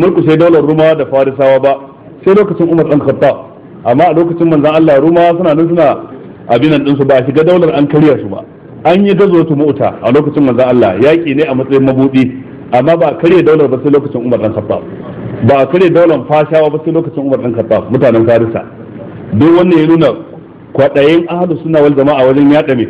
murkushe daular ruma da farisawa ba sai lokacin umar dan khattab amma a lokacin manzan Allah ruma suna nan suna abin dinsu ba shiga daular an kariya su ba an yi gazo tu mu'ta a lokacin manzan Allah yaki ne a matsayin mabudi amma ba karya daular ba sai lokacin umar dan khattab ba karya daular fashawa ba sai lokacin umar dan khattab mutanen farisa duk wannan ya nuna kwaɗayin ahlu sunna wal jama'a wajen me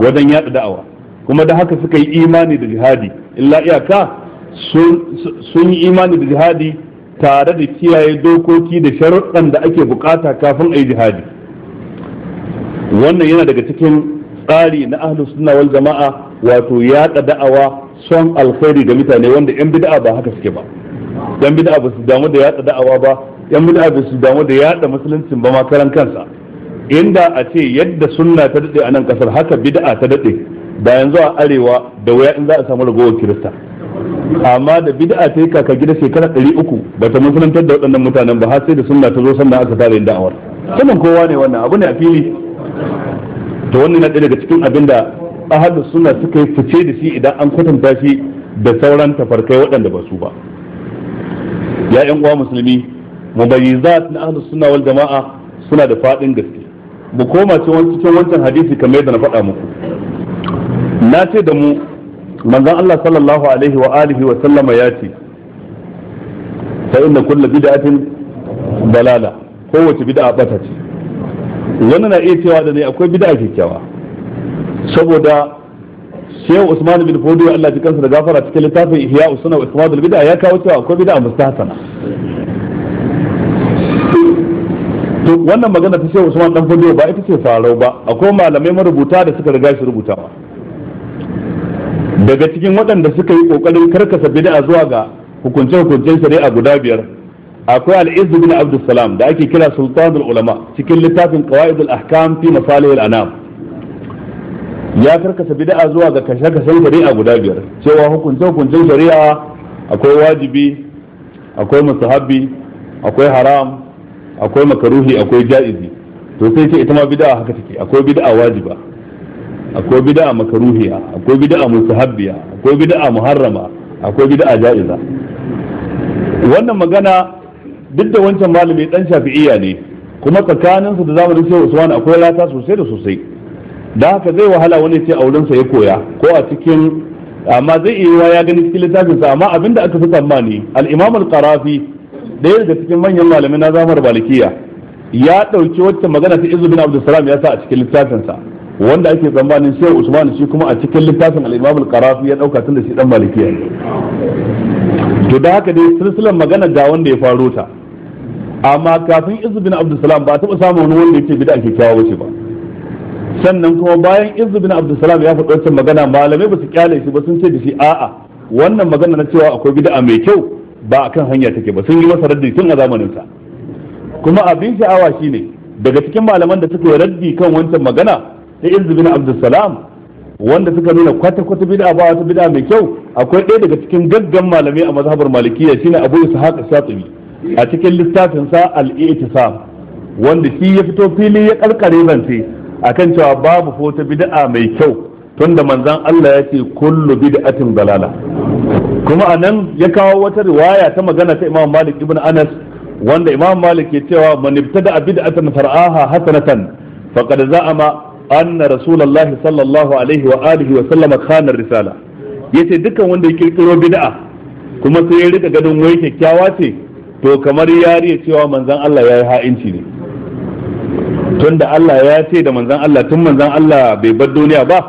wajen yaɗa da'awa kuma da haka suka yi imani da jihadi illa iyaka sun yi imani da jihadi tare da kiyaye dokoki da sharuɗan da ake bukata kafin a yi jihadi wannan yana daga cikin tsari na ahlus suna wal jama'a wato yaɗa da'awa son alkhairi ga mutane wanda yan bid'a ba haka suke ba yan bid'a ba su damu da yaɗa da'awa ba yan bid'a ba su damu da yaɗa musuluncin ba ma kansa inda a ce yadda sunna ta daɗe a nan kasar haka bid'a ta daɗe da yanzu a arewa da wuya in za a samu ragowar kirista amma da bid'a ta yi kaka gida shekara ɗari uku ba ta musulantar da waɗannan mutanen ba har sai da sunna ta zo sannan aka tare da'awar sannan kowa ne wannan abu ne a fili to wannan na ɗaya daga cikin abin da ahalus sunna suka yi fice da shi idan an kwatanta shi da sauran tafarkai waɗanda ba su ba ya uwa musulmi mubayyizat na ahlus sunna wal jama'a suna da faɗin gaske mu koma cikin wancan hadisi kamar yadda na faɗa muku na ce da mu manzon Allah sallallahu alaihi wa alihi wa sallama ya ce fa inna kullu bid'atin dalala kowace bid'a bata ce wannan na iya cewa da ne akwai bid'a kyakkyawa saboda Shehu Usman bin Fodiyo Allah ji kansa da gafara cikin littafin Ihya Usuna wa Ismadul Bid'a ya kawo cewa akwai bid'a mustahsana to wannan magana ta Shehu Usman dan fudu ba ita ce farau ba akwai malamai marubuta da suka riga shi rubutawa daga cikin waɗanda suka yi ƙoƙarin karkasa bid'a zuwa ga hukunce-hukuncen shari'a guda biyar akwai al bin abdussalam da ake kira sultanul ulama cikin littafin qawaid al-ahkam fi masalih al-anam ya karkasa bid'a zuwa ga kashe-kashen shari'a guda biyar cewa hukunce-hukuncen shari'a akwai wajibi akwai mustahabbi akwai haram akwai makaruhi akwai ja'izi to sai ce ita ma bid'a haka take akwai bid'a wajiba akwai bid'a makaruhiya akwai bid'a mustahabbiya akwai bid'a muharrama akwai bid'a ja'iza wannan magana duk da wancan malami dan shafi'iyya ne kuma tsakanin su da zamanin sai Usman akwai rata sosai da sosai da haka zai wahala wani ce auren sa ya koya ko a cikin amma zai iya ya gani cikin littafin sa amma abinda aka fi tsammani al-Imam al-Qarafi ɗaya daga cikin manyan malami na zamar Balikiya ya ɗauki wata magana ta Izu bin Abdul Salam ya sa a cikin littafin sa wanda ake tsammanin shehu usman shi kuma a cikin littafin al-imam al-qarafi ya dauka tunda shi dan malikiya to da haka dai silsilar magana da wanda ya faro ta amma kafin izu bin abdulsalam ba taɓa samun wani wanda yake bid'a kyakkyawa shi ba sannan kuma bayan izu bin abdulsalam ya faɗi wancan magana malamai ba su kyale shi ba sun ce da shi a'a wannan magana na cewa akwai bid'a mai kyau ba akan hanya take ba sun yi masa raddi tun a zamanin sa kuma abin sha'awa shine daga cikin malaman da suka yi raddi kan wancan magana da izu bin abdussalam wanda suka nuna kwata-kwata bid'a ba wata bid'a mai kyau akwai ɗaya daga cikin gaggan malamai a mazhabar malikiya shine abu ishaq shatibi a cikin littafin sa al wanda shi ya fito fili ya karkare zance akan cewa babu fota bid'a mai kyau tunda manzon Allah ya ce kullu bid'atin dalala kuma anan ya kawo wata riwaya ta magana ta Imam Malik ibn Anas wanda Imam Malik ke cewa man ibtada bid'atan far'aha hasanatan faqad za'ama anna rasulullahi sallallahu alaihi wa alihi wa sallama khana risala yace dukkan wanda ya kirkiro bid'a kuma sai ya rika ganin wai kyakkyawa ce to kamar yariya cewa manzon Allah yi ha'inci ne tunda Allah ya ce da manzon Allah tun manzon Allah bai bar duniya ba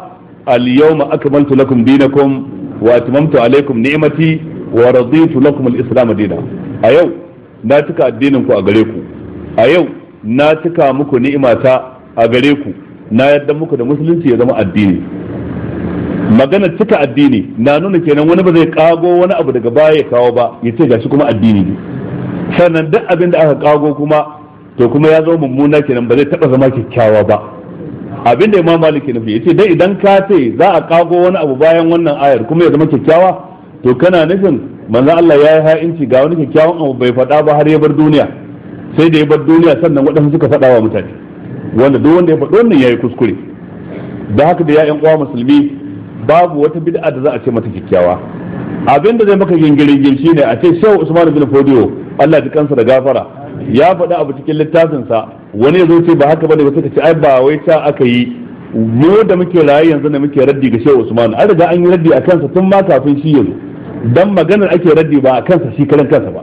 al-yawma akmaltu lakum dinakum wa atmamtu alaykum ni'mati wa raditu lakum al-islam dinan a yau na cika addinin ku a gare ku a yau na cika muku ni'imata a gare ku na yadda muku da musulunci ya zama addini magana cika addini na nuna kenan wani ba zai kago wani abu daga baya ya kawo ba ya ce gashi kuma addini ne sannan duk abin da aka kago kuma to kuma ya zama mummuna kenan ba zai taba zama kyakkyawa ba abin da imam malik ya ce dai idan ka ce za a kago wani abu bayan wannan ayar kuma ya zama kyakkyawa to kana nufin manzo Allah ya yi ha'inci ga wani kyakkyawan abu bai faɗa ba har ya bar duniya sai da ya bar duniya sannan waɗansu suka faɗa wa mutane wanda duk wanda ya faɗi wannan yayi kuskure da haka da ya'yan uwa musulmi babu wata bid'a da za a ce mata kyakkyawa abin da zai maka gingirin shine a ce shehu usman bin Fodio, Allah ji kansa da gafara ya faɗi abu cikin littafin sa wani yazo ce ba haka bane ba suka ce ai ba wai ta aka yi mu da muke raye yanzu da muke raddi ga shehu usman an riga an yi raddi a kansa tun ma kafin shi yazo dan maganar ake raddi ba a kansa shi karan kansa ba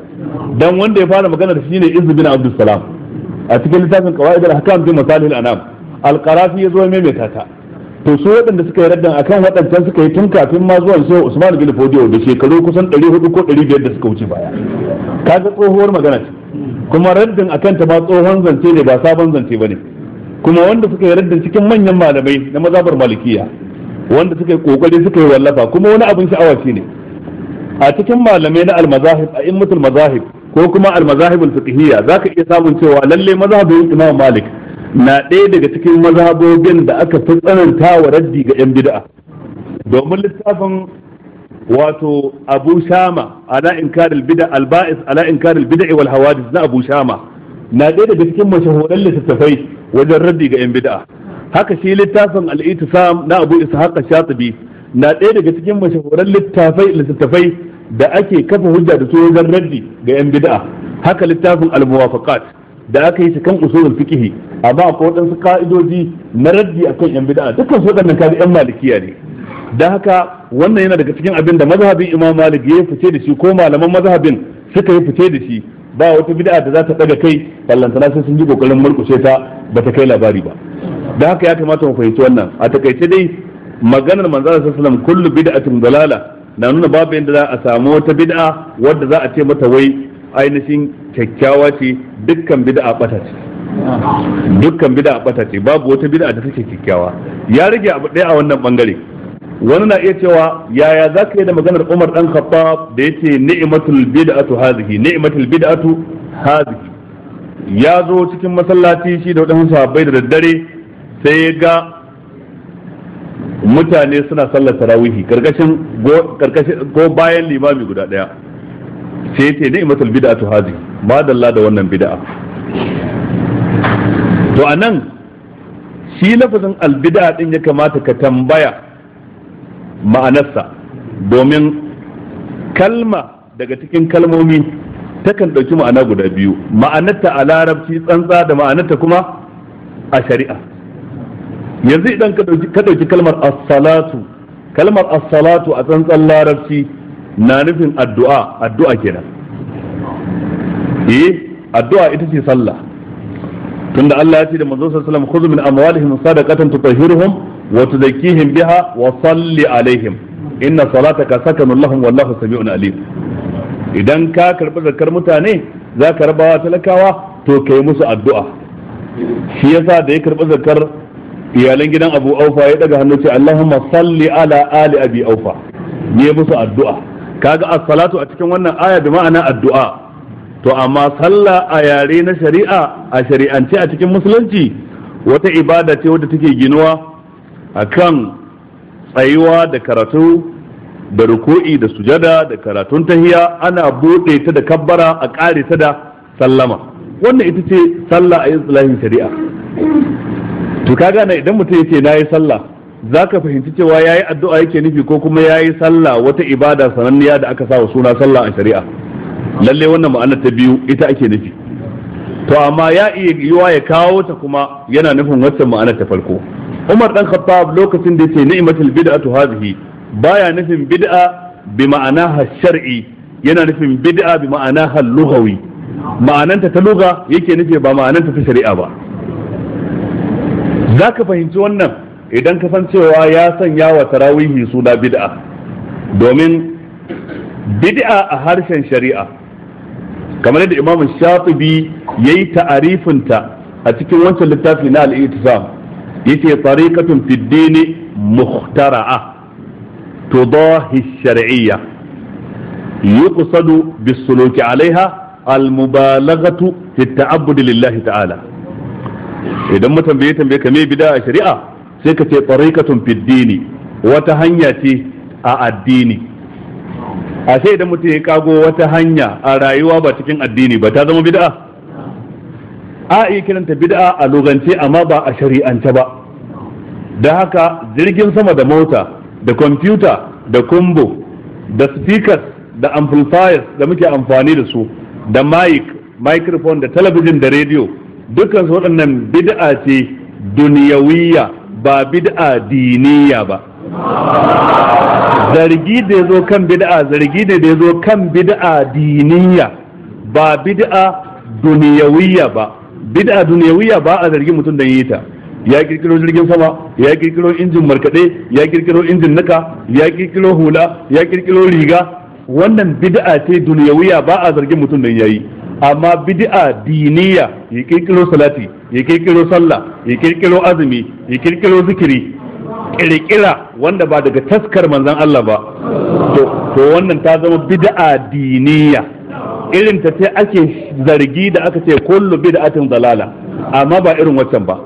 dan wanda ya fara maganar shine izzu bin salam a cikin littafin qawaid al-ahkam bi masalih al-anam al-qarafi yazo mai mai ta to su wadanda suka yi raddan akan wadancan suka yi tun kafin ma zuwan sai Usman bin Fodiyo da shekaru kusan 400 ko 500 da suka wuce baya kaga tsohuwar magana ce kuma raddin akan ta ba tsohon zance ne ba sabon zance bane kuma wanda suka yi raddin cikin manyan malamai na mazabar malikiya wanda suka yi kokari suka yi wallafa kuma wani abin sha'awa ne a cikin malamai na al-mazahib a immatul mazahib ko kuma al-mazahibul fiqhiyya zaka iya samun cewa lalle mazhabin Imam Malik na ɗaya daga cikin mazhabobin da aka fi tsananta wa raddi ga 'yan bid'a domin littafin wato Abu Shama ala inkaril bid'a al-ba'is ala inkaril bid'a wal hawadith na Abu Shama na ɗaya daga cikin mashahuran littattafai wajen raddi ga 'yan bid'a haka shi littafin al-itisam na Abu Ishaq Shatibi na ɗaya daga cikin mashahuran littafai littattafai da ake kafa hujja da su raddi ga yan bid'a haka littafin al-muwafaqat da aka yi su kan usulul fiqh amma akwai waɗansu ka'idoji na raddi akan yan bid'a dukkan su waɗannan kaji yan malikiya ne da haka wannan yana daga cikin abin da mazhabin Imam Malik ya fice da shi ko malaman mazhabin suka yi fice da shi ba wata bid'a da za ta daga kai ballantana sai sun yi kokarin murkushe ta ba ta kai labari ba da haka ya kamata mu fahimci wannan a takaice dai maganar manzo sallallahu alaihi wasallam kullu bid'atin dalala na nuna babu yadda za a samu wata bid'a wadda za a ce mata wai ainihin kyakkyawa ce dukkan bid'a bata ce dukkan bid'a bata ce babu wata bid'a da take kyakkyawa ya rage abu ɗaya a wannan bangare wani na iya cewa yaya za ka yi da maganar Umar dan Khattab da ya yace ni'matul bid'atu hazihi ni'matul bid'atu hazihi ya zo cikin masallaci shi da wadansu sahabbai da daddare sai ya ga mutane suna sallar tarawihi karkashin ko bayan limami guda daya sai ce ne imatul bid'atu hadi ma dalla da wannan bid'a to anan shi lafazin albid'a din ya kamata ka tambaya ma'anarsa domin kalma daga cikin kalmomi takan ɗauki ma'ana guda biyu ma'anarta a larabci tsantsa da ma'anarta kuma a shari'a yanzu idan ka ɗauki kalmar as-salatu kalmar as-salatu a tsantsan larabci na nufin addu'a addu'a kenan eh addu'a ita ce sallah tunda Allah ya ce da manzon sallallahu alaihi wasallam khudh min amwalihim sadaqatan tutahhiruhum wa tuzakkihim biha wa salli alaihim inna salataka sakanun lahum wallahu sami'un alim idan ka karbi zakar mutane za ka rabawa talakawa to kai musu addu'a shi yasa da ya karbi zakar iyalan gidan abu aufa ya daga hannu ce allahumma salli ala ali abi aufa ne musu addu'a kaga as-salatu a cikin wannan aya bi ma'ana addu'a to amma sallah a yare na shari'a a shari'ance a cikin musulunci wata ibada ce wadda take ginuwa akan tsayuwa da karatu da ruku'i da sujada da karatun tahiya ana bude ta da kabbara a kare ta da sallama wannan ita ce sallah a islahin shari'a to ka gane idan mutum yace na yi sallah za ka fahimci cewa ya yi addu'a yake nufi ko kuma ya yi sallah wata ibada sananniya da aka sa suna sallah a shari'a lalle wannan ma'anar ta biyu ita ake nufi to amma ya iya yiwa ya kawo ta kuma yana nufin wacce ma'anar ta farko Umar dan Khattab lokacin da yace ni'matul bid'atu hadhihi baya nufin bid'a bi ma'anaha shar'i yana nufin bid'a bi ma'anaha lughawi ma'ananta ta lugha yake nufi ba ma'ananta ta shari'a ba za ka fahimci wannan idan ka san cewa ya sanya wa tarawihi suna bid'a domin bid'a a harshen shari'a kamar yadda imam shafi ya yi ta'arifinta a cikin wancan littafi na al'itisam yace tariqatun fid dini mukhtara'a tudahi shari'iyya yuqsadu bis suluki alaiha al mubalagatu, fi lillahi ta'ala idan mu tambaye tambaye ka me bid'a a shari'a sai ka ce tariqatun fiddini wata hanya ce a addini a sai idan mutum ya kago wata hanya a rayuwa ba cikin addini ba ta zama bid'a a iya kiranta bid'a a lugance amma ba a shari'ance ba da haka jirgin sama da mota da kwamfuta da kumbo da speakers da amplifiers da muke amfani da su da mic microphone da talabijin da radio dukkan waɗannan bid'a ce duniyawiya ba bid'a diniya ba zargi da ya zo kan bid'a zargi ne da ya kan bid'a diniya ba bid'a duniyawiya ba bid'a duniyawiyya ba a zargi mutum da yi ta ya kirkiro jirgin sama ya kirkiro injin markade ya kirkiro injin naka, ya kirkiro hula ya kirkiro riga wannan bid'a ce duniyawiyya ba a zargin mutum da yayi amma bid'a diniya ya kirkiro salati ya kirkiro sallah ya kirkiro azumi ya kirkiro zikiri kirkira wanda ba daga taskar manzon Allah ba to wannan ta zama bid'a diniya irin ta ce ake zargi da aka ce kullu bid'atin dalala amma ba irin waccan ba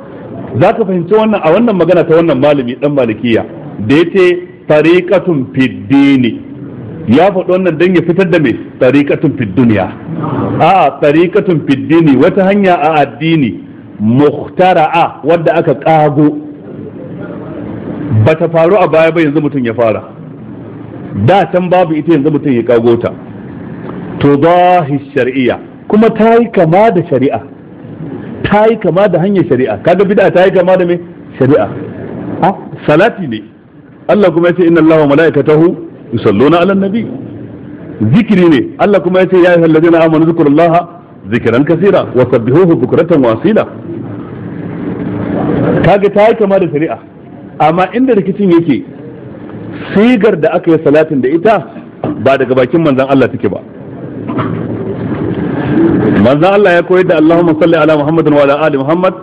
za ka fahimci wannan a wannan magana ta wannan malami dan malikiya da yace tariqatun fid dini ya faɗi wannan don ya fitar da mai tsarikatun fid duniya a tsarikatun fid dini wata hanya a addini a wadda aka kago bata faru a baya ba yanzu mutum ya fara da can babu ita yanzu mutum ya ƙago ta ba shari'a. kuma ta yi kama da shari'a ta yi kama da hanyar shari'a kaga bid'a ta yi kama da mai shari'a salati ne Allah kuma ya ce inna Allah wa mala'ikatahu yusalluna ala nabi zikiri ne Allah kuma yace ya ayyuhal ladina amanu zikrullaha zikran kaseera wa sabbihuhu bukratan wasila kaga ta yi kama da shari'a amma inda rikicin yake sigar da aka yi salatin da ita ba daga bakin manzan Allah take ba manzan Allah ya koyar da Allahumma salli ala Muhammadin wa ala ali Muhammad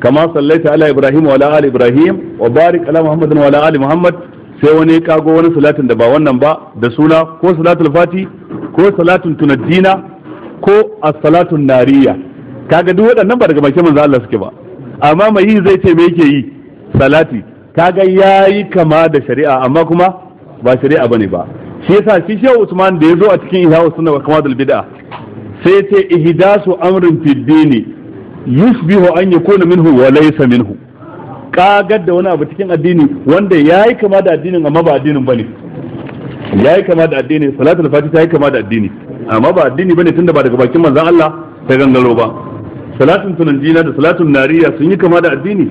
kama sallaita ala Ibrahim wa ala ali Ibrahim wa barik ala Muhammadin wa ala ali Muhammad sai wani kago wani salatin da ba wannan ba da suna ko salatul fati ko salatun tunadina ko as-salatun nariya kaga duk waɗannan ba daga mai kiman Allah suke ba amma mai yi zai ce me yake yi salati kaga yayi kama da shari'a amma kuma ba shari'a bane ba shi yasa shi Shehu Usman da yazo a cikin Ihya Sunna wa Kamadul Bid'a sai ce ihdasu amrin fid dini yusbihu an yakuna minhu wa laysa minhu kagar da wani abu cikin addini wanda ya yi kama da addinin amma ba addinin ya yi kama da addini salatul ta yi kama da addini amma ba addini ba ne tunda ba daga bakin manzan Allah ta gangaro ba salatun tunanjina da salatun nariya sun yi kama da addini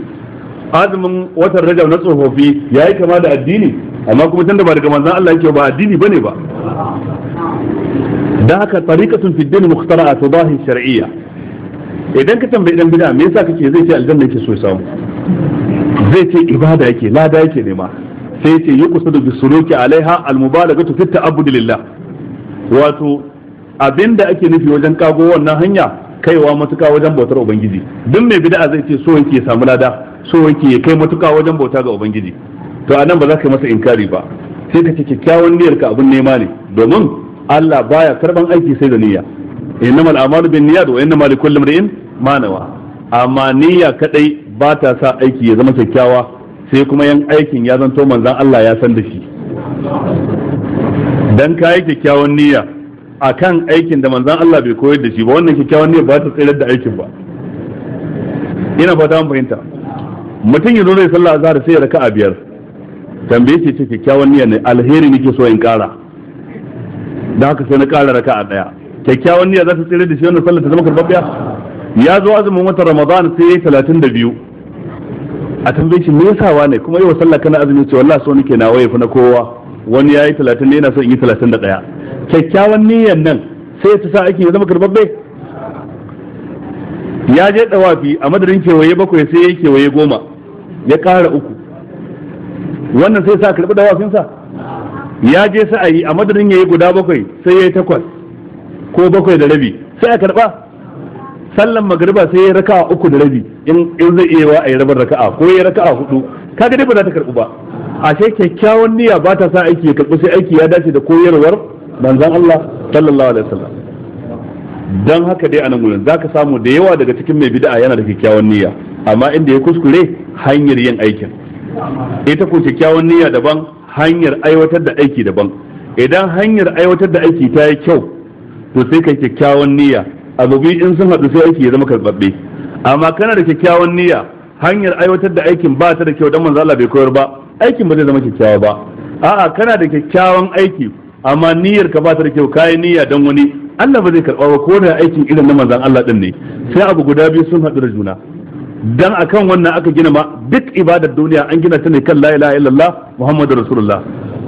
azumin watan rajab na tsofaffi ya yi kama da addini amma kuma tunda ba daga manzan Allah yake ba addini ba ne ba Dan haka tariqatun fi din mukhtara'a tudahi shar'iyya idan ka tambayi dan bid'a me yasa kake zai ce aljanna yake so samu zai ce ibada yake lada yake nema sai ce yi kusa da bisuruki alaiha almubalaga abu da lillah wato abinda ake nufi wajen kago wannan hanya kaiwa matuka wajen bautar ubangiji duk mai bid'a zai ce so yake samu lada so yake kai matuka wajen bauta ga ubangiji to anan ba za ka yi masa inkari ba sai ka ce kyakkyawan niyyar ka abin nema ne domin Allah baya karban aiki sai da niyya innamal a'malu bin niyyat wa innamal likulli imrin ma nawa amma niyya kadai ba ta sa aiki ya zama kyakkyawa sai kuma yan aikin ya zanto manzan Allah ya san da shi dan kayi kyakkyawan niyya akan aikin da manzan Allah bai koyar da shi ba wannan kyakkyawan niyya ba ta tsirar da aikin ba ina fata mun fahimta mutum ya zo zai sallah azhar sai ya a biyar tambaye ce ce kyakkyawan niyya ne alheri nake so in kara dan haka sai na kara a daya kyakkyawan niyya za ta tsirar da shi wannan sallar ta zama karbabbiya ya zo azumin watan ramadan sai ya yi talatin da biyu a tambayeci me yasa wane kuma yau sallah kana azumi ce wallahi so nake na waye fa na kowa wani yayi 30 ne yana so in yi 31 kyakkyawan niyyar nan sai ta sa ake zama karbabbe ya je dawafi a madadin kewaye bakwai sai yake kewaye goma ya kara uku wannan sai sa karbi dawafin sa ya je sa'ayi a madadin yayi guda bakwai sai yayi takwas ko bakwai da rabi sai a karba sallan magariba sai ya raka uku da rabi in zai iya wa a yi rabar raka'a ko ya raka'a hudu kaga dai ba za ta karbu ba ashe kyakkyawan niyya ba ta sa aiki ya karbu sai aiki ya dace da koyarwar manzon Allah sallallahu alaihi wasallam dan haka dai anan gurin zaka samu da yawa daga cikin mai bid'a yana da kyakkyawan niyya amma inda ya kuskure hanyar yin aikin ita ko kyakkyawan niyya daban hanyar aiwatar da aiki daban idan hanyar aiwatar da aiki ta yi kyau to sai kai kyakkyawan niyya abu in sun haɗu sai aiki ya zama karɓaɓɓe amma kana da kyakkyawan niyya hanyar aiwatar da aikin ba ta da kyau dan manzo Allah bai koyar ba aikin ba zai zama kyakkyawa ba a'a kana da kyakkyawan aiki amma niyyar ka ba ta da kyau kai niyya dan wani Allah ba zai karɓa ba ko da aikin irin na manzon Allah din ne sai abu guda biyu sun haɗu da juna dan akan wannan aka gina ma duk ibadar duniya an gina ta ne kan la ilaha illallah muhammadur rasulullah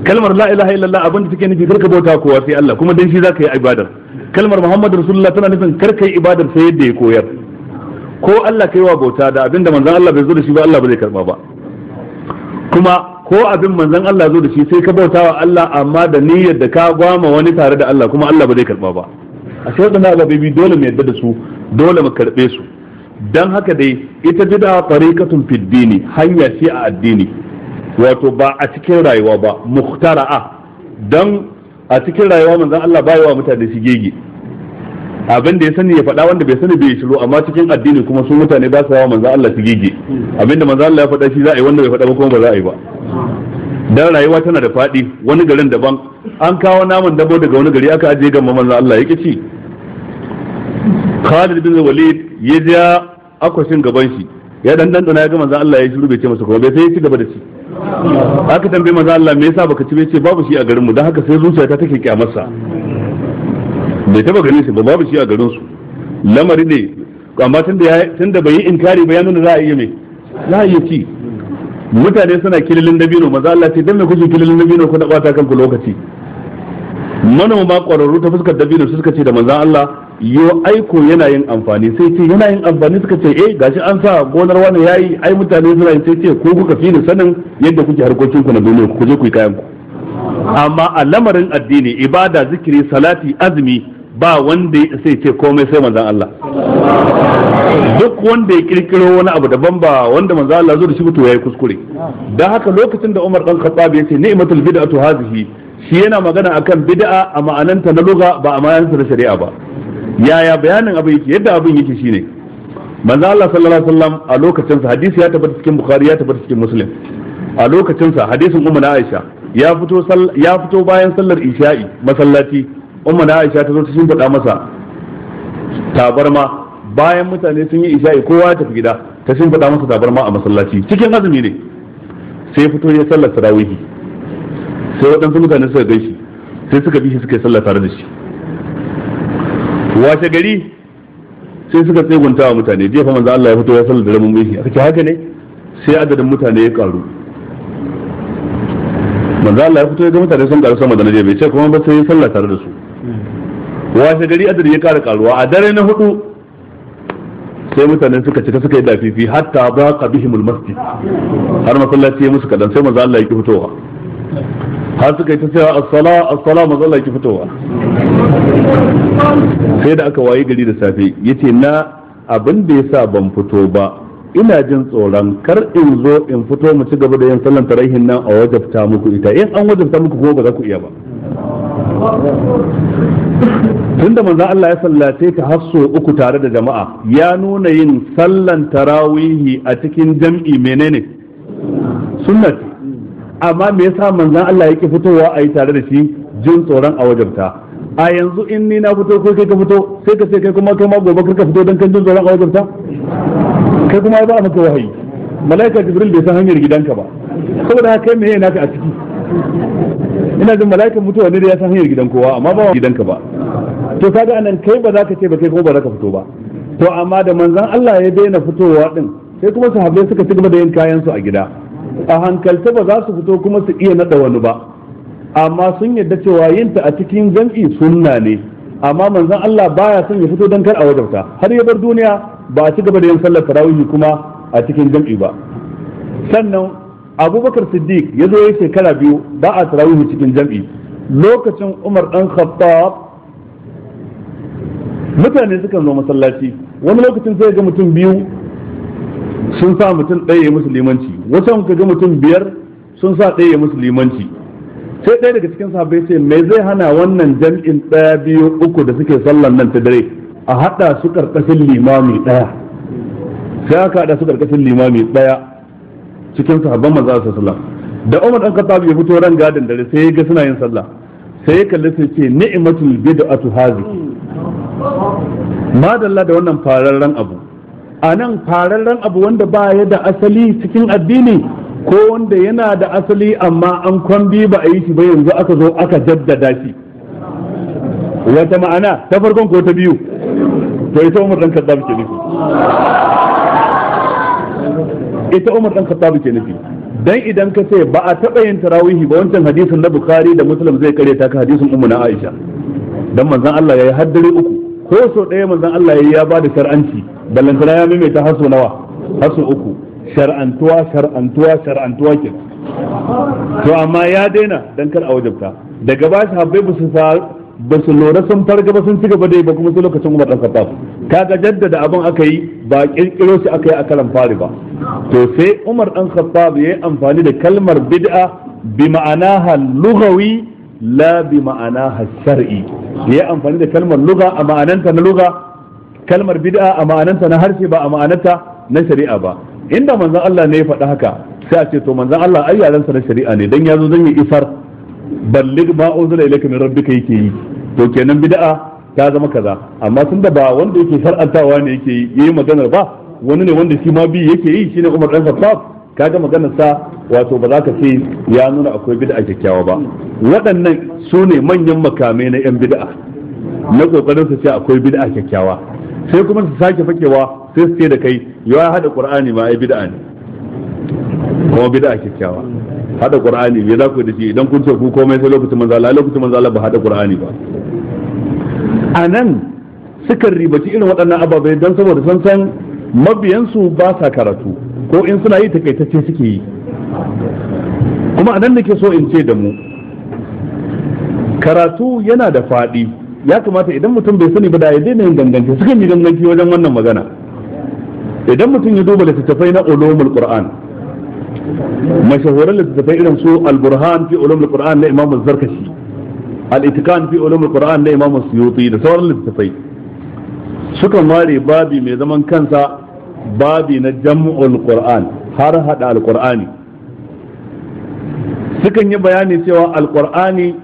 kalmar la ilaha illallah abin da take nufi karka bauta kowa sai Allah kuma dan shi zaka yi ibadar kalmar muhammadu rasulullah tana nufin karkai ibadar sai yadda ya koyar ko Allah kai wa bauta da abinda manzon Allah bai zo da shi ba Allah ba zai karba ba kuma ko abin manzon Allah zo da shi sai ka bauta wa Allah amma da niyyar da ka gwama wani tare da Allah kuma Allah ba zai karba ba a sai wadannan ababe dole mu yadda da su dole mu karbe su dan haka dai ita bid'a tariqatun fid dini hanya ce a addini wato ba a cikin rayuwa ba muhtara'a dan a cikin rayuwa manzon Allah bai wa mutane gege abin da ya sani ya faɗa wanda bai sani bai shiru amma cikin addini kuma su mutane ba su yawa manzon Allah gege abin da manzon Allah ya faɗa shi za a yi wanda bai faɗa ba kuma ba za a yi ba dan rayuwa tana da faɗi wani garin daban an kawo naman dabo daga wani gari aka ajiye ga manzon Allah ya ci Khalid bin Walid ya ja akwashin gaban shi ya dan dan ya ga manzon Allah ya shiru bai ce masa kuma bai sai ya ci gaba da shi aka tambaye maza Allah me yasa baka ci bai ce babu shi a garin mu dan haka sai ta take kyamarsa bai taba ganin shi ba babu shi a garin su lamari ne amma tunda bai yi inkari ba ya nuna za a iya me za a iya ci mutane suna kililin dabino maza Allah ce dan me kuke kililin dabino da bata kanku lokaci manoma ba kwararru ta fuskar dabino suka ce da manzan Allah yo aiko yana yin amfani sai ce yana yin amfani suka ce eh gashi an sa gonar wani yayi ai mutane suna yin sai ce ko kuka fi ni sanin yadda kuke harkokin ku na duniya ku je ku yi kayan ku amma a lamarin addini ibada zikiri salati azumi ba wanda sai ce komai sai manzon Allah duk wanda ya kirkiro wani abu daban ba wanda manzon Allah zo da shi fito yayi kuskure dan haka lokacin da Umar dan Khattab ya ce ni'matul bid'atu hazihi shi yana magana akan bid'a a ma'ananta na lugha ba a ta na shari'a ba yaya bayanin abin yake yadda abin yake shine manzo Allah sallallahu alaihi wasallam a lokacin sa hadisi ya tabbata cikin bukhari ya tabbata cikin muslim a lokacin sa hadisin ummu na aisha ya fito ya fito bayan sallar isha'i masallaci ummu na aisha ta zo ta shimfida masa tabarma bayan mutane sun yi isha'i kowa ya tafi gida ta shimfida masa tabarma a masallaci cikin azumi ne sai fito ya sallar tarawih sai waɗansu mutane suka gaishe sai suka bi shi suka yi sallar tare da shi washe gari sai suka tsegunta wa mutane jefa manzo Allah ya fito ya sallar da ramin mulki aka ce haka ne sai adadin mutane ya karu manzo Allah ya fito ya ga mutane sun karu sama da naje bai ce kuma ba sai ya sallar tare da su washe gari adadin ya kara karuwa a dare na hudu sai mutane suka cika suka yi dafifi hatta ba ka bihimul masjid har masallaci ya musu kadan sai manzo Allah ya ki fitowa har suka yi ta cewa as-sala as-sala manzo Allah ya ki fitowa sai da aka wayi gari da safe yace na abin da yasa ban fito ba ina jin tsoron kar in zo in fito mu ci gaba da yin sallan tarihin nan a wajabta muku ita in an wajabta muku kuma ba za ku iya ba tunda manzon Allah ya sallace ta hasso uku tare da jama'a ya nuna yin sallan tarawihi a cikin jam'i menene sunnati amma me yasa manzan Allah yake fitowa a yi tare da shi jin tsoron a wajabta a yanzu in ni na fito ko kai ka fito sai ka ce kai kuma kai ma gobe kar ka fito don kan jin tsoron awajarta kai kuma ya ba maka wahayi malaika jibril bai san hanyar gidanka ba saboda haka kai meye naka a ciki ina jin malaikan mutuwa ne da ya san hanyar gidan kowa amma ba gidanka ba to kaga anan kai ba za ka ce ba kai kuma ba za ka fito ba to amma da manzon Allah ya daina fitowa din sai kuma sahabbai suka ci gaba da yin kayan su a gida a hankalta ba za su fito kuma su iya nada wani ba amma sun yadda cewa yin ta a cikin jam'i sunna ne amma manzon Allah baya son ya fito dan kar a wajabta har ya bar duniya ba a ci gaba da yin sallar tarawih kuma a cikin jam'i ba sannan abubakar siddiq ya zo ya shekara biyu ba a tarawih cikin jam'i lokacin umar dan khattab mutane suka zo masallaci wani lokacin sai ga mutum biyu sun sa mutum ɗaya musulmanci wacan ka ga mutum biyar sun sa ɗaya musulmanci sai ɗaya daga cikin sahabbai ce me zai hana wannan jam'in ɗaya biyu uku da suke sallan nan ta dare a haɗa su ƙarƙashin limami ɗaya sai aka haɗa su ƙarƙashin limami ɗaya cikin sahabban manzo sallallahu alaihi da Umar dan Khattab ya fito ran gadin dare sai ya ga suna yin sallah sai ya kalli sai ce ni'matul bid'atu hazi madalla da wannan fararren abu a nan fararren abu wanda ba ya da asali cikin addini ko wanda yana da asali amma an kwambi ba a yi shi ba yanzu aka zo aka jaddada shi wata ma'ana ta farkon ko ta biyu to ita umar dan kaddab ke nufi ita umar dan kaddab ke nufi dan idan ka ce ba a taɓa yin tarawihi ba wancan hadisin na bukhari da muslim zai kare ta ka hadisin ummu na aisha dan manzon Allah yayi haddare uku ko so ɗaya manzon Allah yayi ya bada tar'anci shar'anci ballantana ya maimaita haso nawa haso uku shar'antuwa shar'antuwa shar'antuwa ke to amma ya daina dan kar a wajabta daga ba su habbai ba su ba su lura sun farga ba sun ci gaba da ba kuma su lokacin umar dan ka kaga jaddada abin aka yi ba kirkiro shi aka yi a karan fari ba to sai umar dan ya yayi amfani da kalmar bid'a bi ma'anaha lughawi la bi ma'anaha shar'i yayi amfani da kalmar lugha a ma'ananta na lugha kalmar bid'a a ma'ananta na harshe ba a ma'ananta na shari'a ba inda manzan Allah ne ya faɗi haka sai a ce to manzan Allah ai yaransa na shari'a ne dan yazo zan yi isar ballig ma unzila ilayka min rabbika yake yi to kenan bid'a ta zama kaza amma tunda ba wanda yake shar'antawa ne yake yi yayi maganar ba wani ne wanda shi ma bi yake yi shine Umar dan Khattab kaga maganar sa wato ba za ka ce ya nuna akwai bid'a kyakkyawa ba waɗannan su ne manyan makamai na yan bid'a na kokarin su ce akwai bid'a kyakkyawa sai kuma su sake fakewa sai su ce da kai ya hada qur'ani ma ai bid'a ne kuma bid'a kyakkyawa hada qur'ani me za ku da shi idan kun ce ku komai sai lokacin manzo Allah lokacin manzo Allah ba hada qur'ani ba anan suka ribaci irin waɗannan ababai don saboda sun san mabiyansu ba sa karatu ko in suna yi takaitacce suke yi kuma anan nake so in ce da mu karatu yana da faɗi ya kamata idan mutum bai sani ba da ya daina yin ganganci sukan yi ganganci wajen wannan magana idan mutum ya duba littattafai na ulumul qur'an mashahuran littattafai irin su al-burhan fi ulumul qur'an na imam az-zarkashi al-itikan fi ulumul qur'an na imam as-suyuti da sauran littattafai sukan ware babi mai zaman kansa babi na jam'ul qur'an har hada al-qur'ani sukan yi bayani cewa al-qur'ani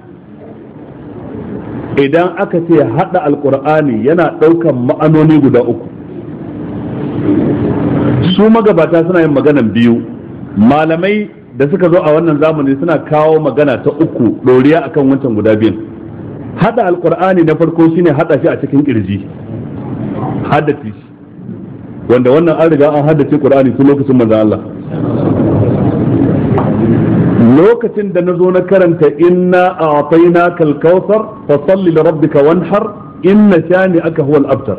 idan aka ce hada alkur'ani yana daukan ma'anoni guda uku su magabata suna yin maganan biyu malamai da suka zo a wannan zamani suna kawo magana ta uku doriya akan wancan guda biyun hada alkur'ani na farko shine hada shi a cikin kirji haddace wanda wannan an riga an haddace qur'ani tun lokacin manzon Allah lokacin da na zo na karanta inna a'tayna na Kalkausar, fa salli rabbi ka wanhar inna shani aka huwal abtar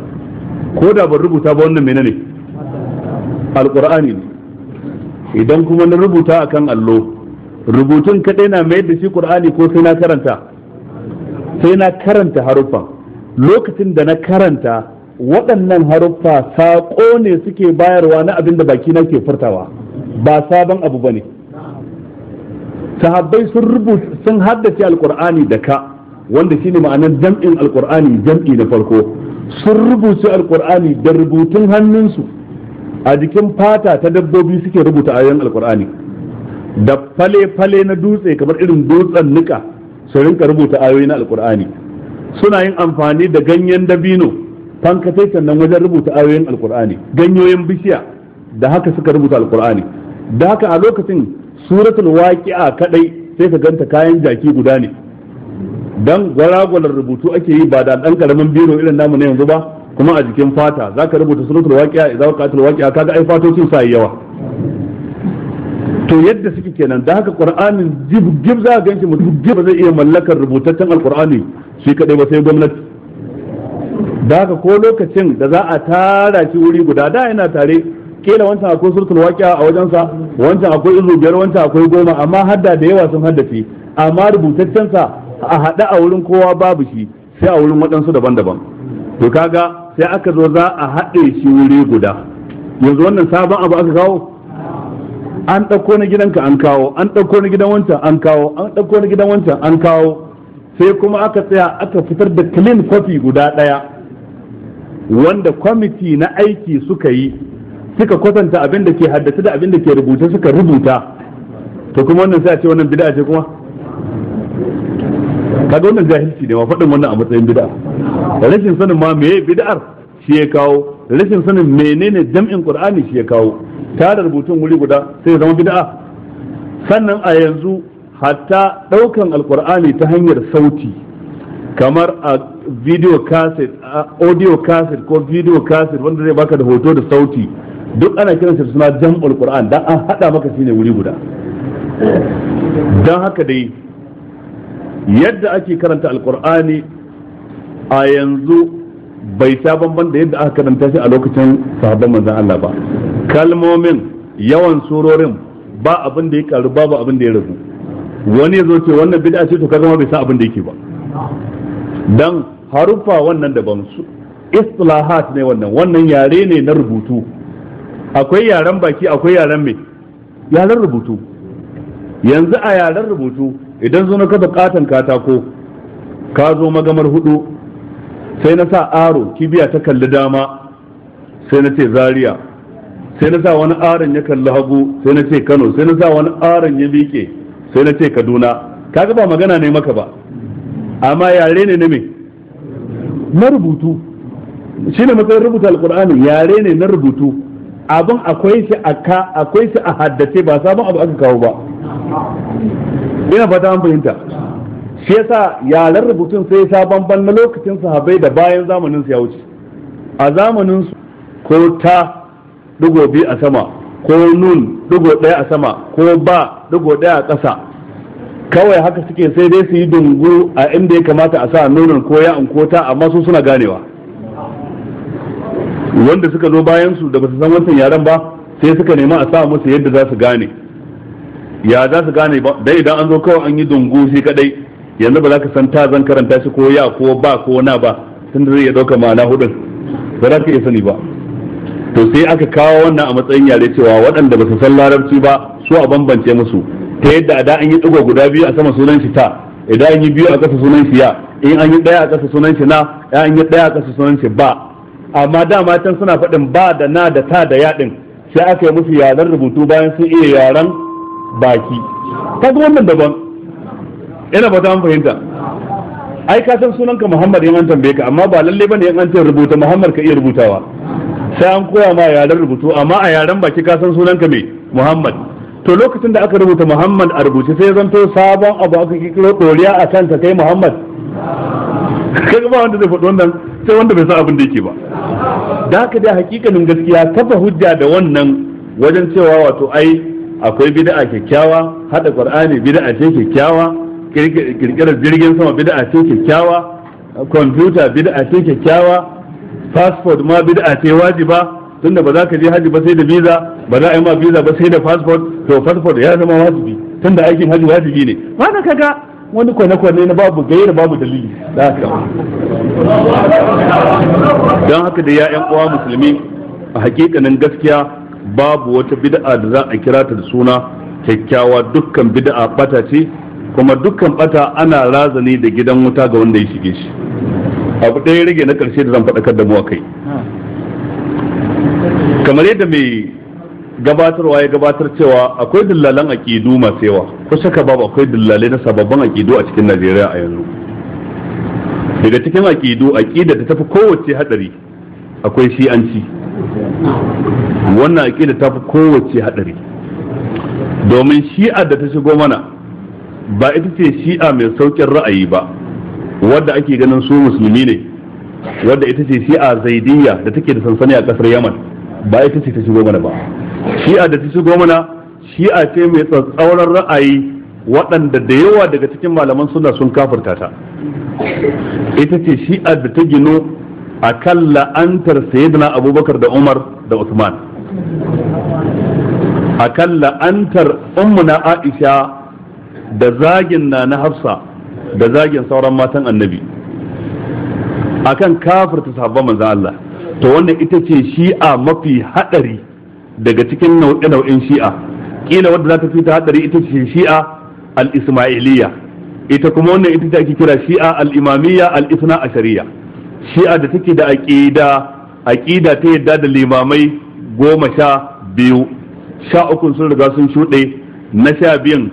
ko da ban rubuta ba wannan menene alqur'ani ne idan kuma na rubuta akan allo rubutun kaɗai na mayar da shi ƙur'ani ko sai na karanta sai na karanta haruffan lokacin da na karanta waɗannan haruffa saƙo ne suke bayarwa na abin da baki na ke furtawa ba sabon abu ba ne sahabbai sun rubuta sun haddace alqur'ani da ka wanda shine ma'anar jam'in alqur'ani jam'i na farko sun rubuta alqur'ani da rubutun hannunsu a jikin fata ta dabbobi suke rubuta ayoyin alqur'ani da fale-fale na dutse kamar irin dutsen nika su rinka rubuta ayoyin na alqur'ani suna yin amfani da ganyen dabino fankatai sannan wajen rubuta ayoyin alqur'ani ganyoyin bishiya da haka suka rubuta alqur'ani da haka a lokacin suratul waqi'a kadai sai ka ganta kayan jaki guda ne dan gwaragwalar rubutu ake yi ba da dan karamin biro irin namu na yanzu ba kuma a jikin fata zaka rubuta suratul waqi'a idza ka waqi'a kaga ai fatocin sai yawa to yadda suke kenan da haka qur'anin jib jib za ka ganki mutum jib ba zai iya mallakar rubutaccen alqur'ani shi kadai ba sai gwamnati da haka ko lokacin da za a tara shi wuri guda da yana tare kila wancan akwai surtul waqi'a a wajensa wancan akwai izu biyar wancan akwai goma amma hadda da yawa sun haddace amma rubutaccen sa a hada a wurin kowa babu shi sai a wurin waɗansu daban-daban to kaga sai aka zo za a haɗe shi wuri guda yanzu wannan sabon abu aka kawo an ɗauko na gidanka an kawo an ɗauko na gidan wancan an kawo an ɗauko na gidan wancan an kawo sai kuma aka tsaya aka fitar da clean copy guda ɗaya wanda kwamiti na aiki suka yi suka kwatanta abin da ke haddace da abin da ke rubuta suka rubuta to kuma wannan sai a ce wannan bid'a ce kuma kaga wannan jahilci ne ma faɗin wannan a matsayin bid'a rashin sanin ma meye bid'ar shi ya kawo rashin sanin menene jam'in qur'ani shi ya kawo tare rubutun wuri guda sai zama bid'a sannan a yanzu hatta ɗaukan alqur'ani ta hanyar sauti kamar a video cassette audio cassette ko video cassette wanda zai baka da hoto da sauti duk ana kiran shi suna jam'ul qur'an dan an hada maka shi ne wuri guda dan haka dai yadda ake karanta alqur'ani a yanzu bai sha bamban da yadda aka karanta shi a lokacin sahabban manzon Allah ba kalmomin yawan surorin ba abin da ya karu babu abin da ya rabu wani ya zo ce wannan bid'a ce to ka zama bai sa abin da yake ba dan haruffa wannan daban su istilahat ne wannan wannan yare ne na rubutu akwai yaren baki akwai yaren mai yaren rubutu yanzu a yaren rubutu idan zo na kafa katon katako ka zo magamar hudu sai na sa aro kibiya ta kalli dama sai na ce zaria sai na sa wani aron ya kalli hagu sai na ce kano sai na sa wani aron ya miƙe sai na ce kaduna ta ba magana ne maka ba amma yare ne na me na rubutu shi ne matsayin rubuta alkur'ani yare ne na rubutu abin akwai shi a ka haddace ba sabon abu aka kawo ba ina fata an fahimta shi yasa yalar rubutun sai ta banban na lokacin sahabai da bayan zamanin su ya wuce a zamanin su ko ta dugo biyu a sama ko nun dugo ɗaya a sama ko ba dugo ɗaya a ƙasa kawai haka suke sai dai su yi dungu a inda ya kamata a sa nonon ko ya ko ta amma su suna ganewa wanda suka zo bayan su da basu san wancan yaren ba sai suka nema a sa musu yadda za su gane ya za su gane ba dai idan an zo kawai an yi dungu shi kadai yanzu ba za ka san ta zan karanta shi ko ya ko ba ko na ba tun da zai iya dauka ma'ana hudun ba za ka iya sani ba to sai aka kawo wannan a matsayin yare cewa waɗanda ba su san larabci ba su a bambance musu ta yadda a da an yi ɗigo guda biyu a sama sunan shi ta idan an yi biyu a ƙasa sunan shi ya in an yi ɗaya a ƙasa sunan shi na in an yi ɗaya a ƙasa sunan shi ba amma dama can suna faɗin ba da na da ta da yaɗin sai aka yi musu yaren rubutu bayan sun iya yaren baki kaga wannan daban ina ba ta fahimta ai ka san sunanka Muhammad yan an tambaye ka amma ba lalle bane yan an ce rubuta Muhammad ka iya rubutawa sai an koya ma yaren rubutu amma a yaren baki ka san sunanka me Muhammad to lokacin da aka rubuta Muhammad a rubuce sai zanto sabon abu aka kikiro doriya a kanta kai Muhammad kaga ba wanda zai faɗi wannan sai wanda bai san abin da yake ba da haka dai hakikanin gaskiya kafa hujja da wannan wajen cewa wato ai akwai bid'a kyakkyawa hada qur'ani bid'a ce kyakkyawa kirkirar jirgin sama bid'a ce kyakkyawa kwamfuta bid'a ce kyakkyawa passport ma bid'a ce wajiba tunda ba za ka je haji ba sai da visa ba za a yi ma visa ba sai da passport to passport ya zama wajibi tunda aikin haji wajibi ne ma kaga wani kwane-kwane na babu gaira babu dalili da haka don haka da 'ya'yan uwa musulmi a hakikanin gaskiya babu wata bid'a da za a kira ta da suna kyakkyawa dukkan bid'a bata ce kuma dukkan bata ana razani da gidan wuta ga wanda ya shige shi abu ɗaya rage na ƙarshe da zan faɗakar da mu a kai kamar yadda mai gabatarwa ya gabatar cewa akwai dillalan aƙidu masu yawa ko shaka babu akwai dillalai na sababbin aƙidu a cikin najeriya a yanzu daga cikin aƙidu aƙida ta tafi kowace hadari akwai shi'anci wannan aƙida ta fi kowace hadari domin shi'a da ta shigo mana ba ita ce shi'a mai saukin ra'ayi ba wadda ake ganin su musulmi ne wadda ita ce shi'a zaidiyya da take da sansani a kasar yaman ba ita ce ta shigo mana ba shi'a da ta shigo mana shi'a ce mai tsatsauran ra'ayi waɗanda da yawa daga cikin malaman suna sun kafirta ta ita ce shi'a da ta gino a kan la'antar sayyidina abubakar da umar da usman a kan la'antar ummuna aisha da zagin na na hafsa da zagin sauran matan annabi a kan kafirta sahabban manzan Allah to wannan ita ce shi'a mafi haɗari daga cikin nau'e-nau'in shi'a kila wadda za ta fi ta hadari ita ce shi'a al-ismailiyya ita kuma wannan ita ake kira shi'a al-imamiyya al-ithna ashariya shi'a da take da aqida aqida ta yadda da limamai goma sha biyu sha uku sun riga sun shuɗe na sha biyan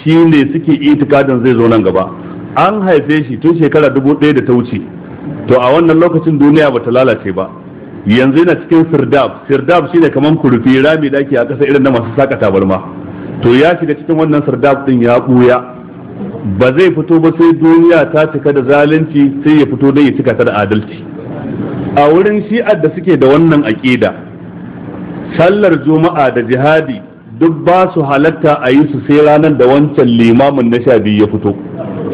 shine suke itikadin zai zo nan gaba an haife shi tun shekara dubu ɗaya da ta wuce to a wannan lokacin duniya ba ta lalace ba yanzu yana cikin sirdab sirdab shine kaman kurfi rami da ake a ƙasa irin na masu saka tabarma to ya shiga cikin wannan sirdab din ya buya ba zai fito ba sai duniya ta cika da zalunci sai ya fito dai ya cika ta da adalci a wurin shi'ar da suke da wannan aƙida sallar juma'a da jihadi duk ba su halatta a yi su sai ranar da wancan limamin na sha biyu ya fito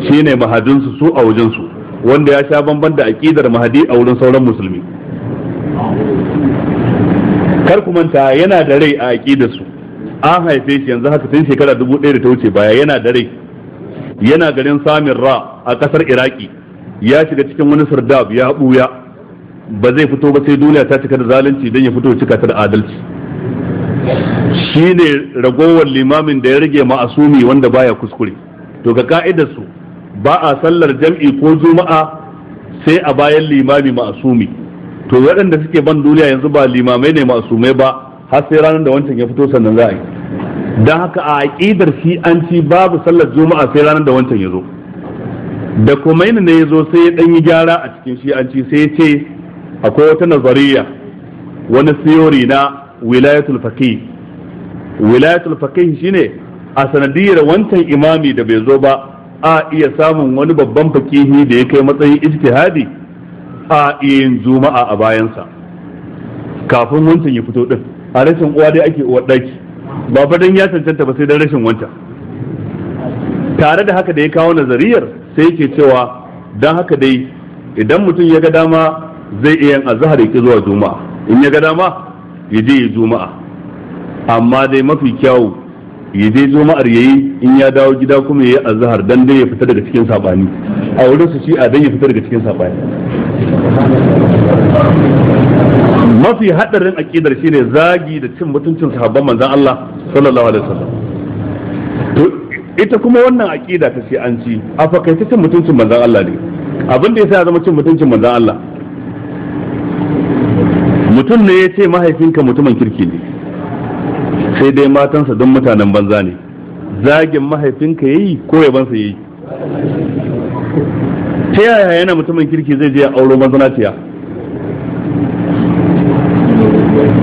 shine mahadinsu su a wajensu wanda ya sha bamban da aƙidar mahadi a wurin sauran musulmi kar ku manta yana da rai a da su an haife shi yanzu haka tun shekara dubu ɗaya da ta wuce baya yana da rai yana garin samin ra a ƙasar iraki ya shiga cikin wani sardab ya ɓuya ba zai fito ba sai duniya ta cika da zalunci don ya fito cika ta da adalci shi ne ragowar limamin da ya rage ma'asumi wanda baya kuskure to ga ka'idarsu su ba a sallar jam'i ko juma'a sai a bayan limami ma'asumi to waɗanda suke ban duniya yanzu ba limamai ne masumai ba har sai ranar da wancan ya fito sannan za a yi don haka a aƙidar shi an ci babu sallar juma'a sai ranar da wancan ya zo da kumaini ne ya zo sai ya ɗan gyara a cikin shi an ci sai ya ce akwai wata nazariya wani siyori na wilayatul faqih wilayatul faqih shine a sanadiyar wancan imami da bai zo ba a iya samun wani babban fakihi da ya kai matsayin ijtihadi a yin juma'a a bayansa kafin wancan ya fito din a rashin uwa dai ake uwar daki ba fa ya cancanta ba sai dan rashin wanta tare da haka da ya kawo nazariyar sai yake cewa dan haka dai idan mutum ya ga dama zai iya yin azhar yake zuwa juma'a in ya ga dama ya je juma'a amma dai mafi kyawu ya je juma'ar yayi in ya dawo gida kuma yayi azhar dan dai ya fita daga cikin sabani a wurin su shi a dan ya fita daga cikin sabani mafi haɗarin aƙidar shi ne zagi da cin mutuncin sahabban manzan Allah sallallahu alaihi wasallam to ita kuma wannan aƙida ta sai an ci a fakaita cin mutuncin manzan Allah ne abin da ya ya zama cin mutuncin manzan Allah mutum ne ya ce mahaifinka mutumin kirki ne sai dai matansa don mutanen banza ne zagin mahaifinka yayi ko yabansa yayi ta yaya yana mutumin kirki zai je auro mazanaciya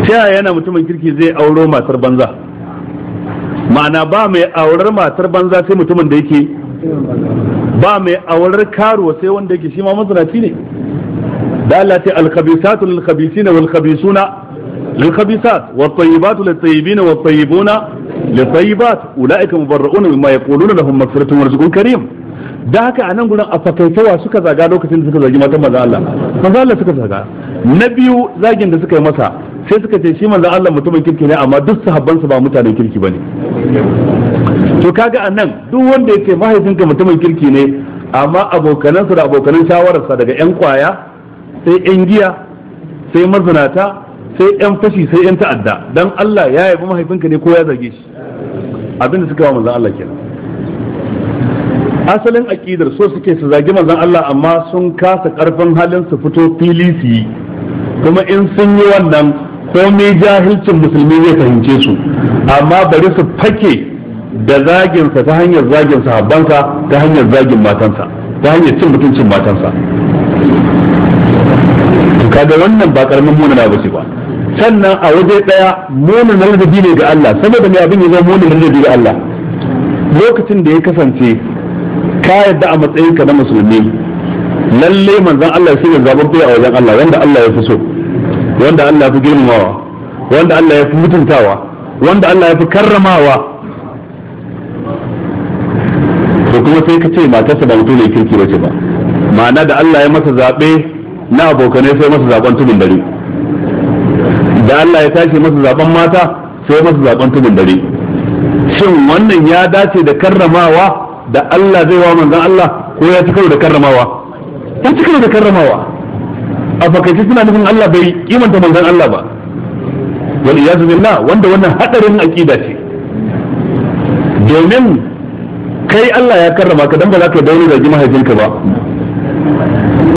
ta yaya yana mutumin kirki zai auro matar banza ma'ana ba mai aurar matar banza sai mutumin da yake ba mai aurar karuwa sai wanda yake shi ma mazanaci ne da Allah ta alkhabisatu lil khabisina wal khabisuna lil khabisat wat tayyibatu lit tayyibina wat tayyibuna lit tayyibat ulaika mubarra'una mimma yaquluna lahum maghfiratun wa rizqun karim da haka a nan gudun a fakaitawa suka zaga lokacin da suka zagi matan maza Allah maza Allah suka zaga na biyu zagin da suka yi masa sai suka ce shi maza Allah mutumin kirki ne amma duk sahabban su ba mutanen kirki ba ne? to kaga a nan duk wanda ya ce mahaifinka mutumin kirki ne amma abokanansa da abokanan shawararsa daga yan kwaya sai yan giya sai mazinata sai yan fashi sai yan ta'adda dan Allah ya yabi mahaifinka ne ko ya zage shi abinda suka yi wa maza Allah kenan asalin aqidar so suke su zagi manzon Allah amma sun kasa karfin halin su fito fili su yi kuma in sun yi wannan komai jahilcin musulmi zai fahimce su amma bari su fake da zaginsa ta hanyar zagin sahabbansa ta hanyar zagin matansa ta hanyar cin mutuncin matansa kaga wannan ba karamin munana ba ce ba sannan a waje daya munin ladabi ne ga Allah saboda mai abin ya zama na ladabi ga Allah lokacin da ya kasance ka yadda a matsayinka na musulmi lalle manzon Allah shi ne zababbe a wajen Allah wanda Allah ya fi so wanda Allah ya fi girmamawa wanda Allah ya fi mutuntawa wanda Allah ya fi karramawa to kuma sai ka ce matarsa ba mutum ne kirki bace ba ma'ana da Allah ya masa zaɓe na abokanai sai masa zaɓen tubin dare da Allah ya tashi masa zaɓen mata sai masa zaɓen tubin dare shin wannan ya dace da karramawa da Allah zai wa manzon Allah ko ya ci karo da karramawa ya ci da karramawa a fakaice suna nufin Allah bai kimanta manzon Allah ba wal iyazu billah wanda wannan hadarin aqida ce domin kai Allah ya karrama ka dan ba za ka dauri da mahaifinka ba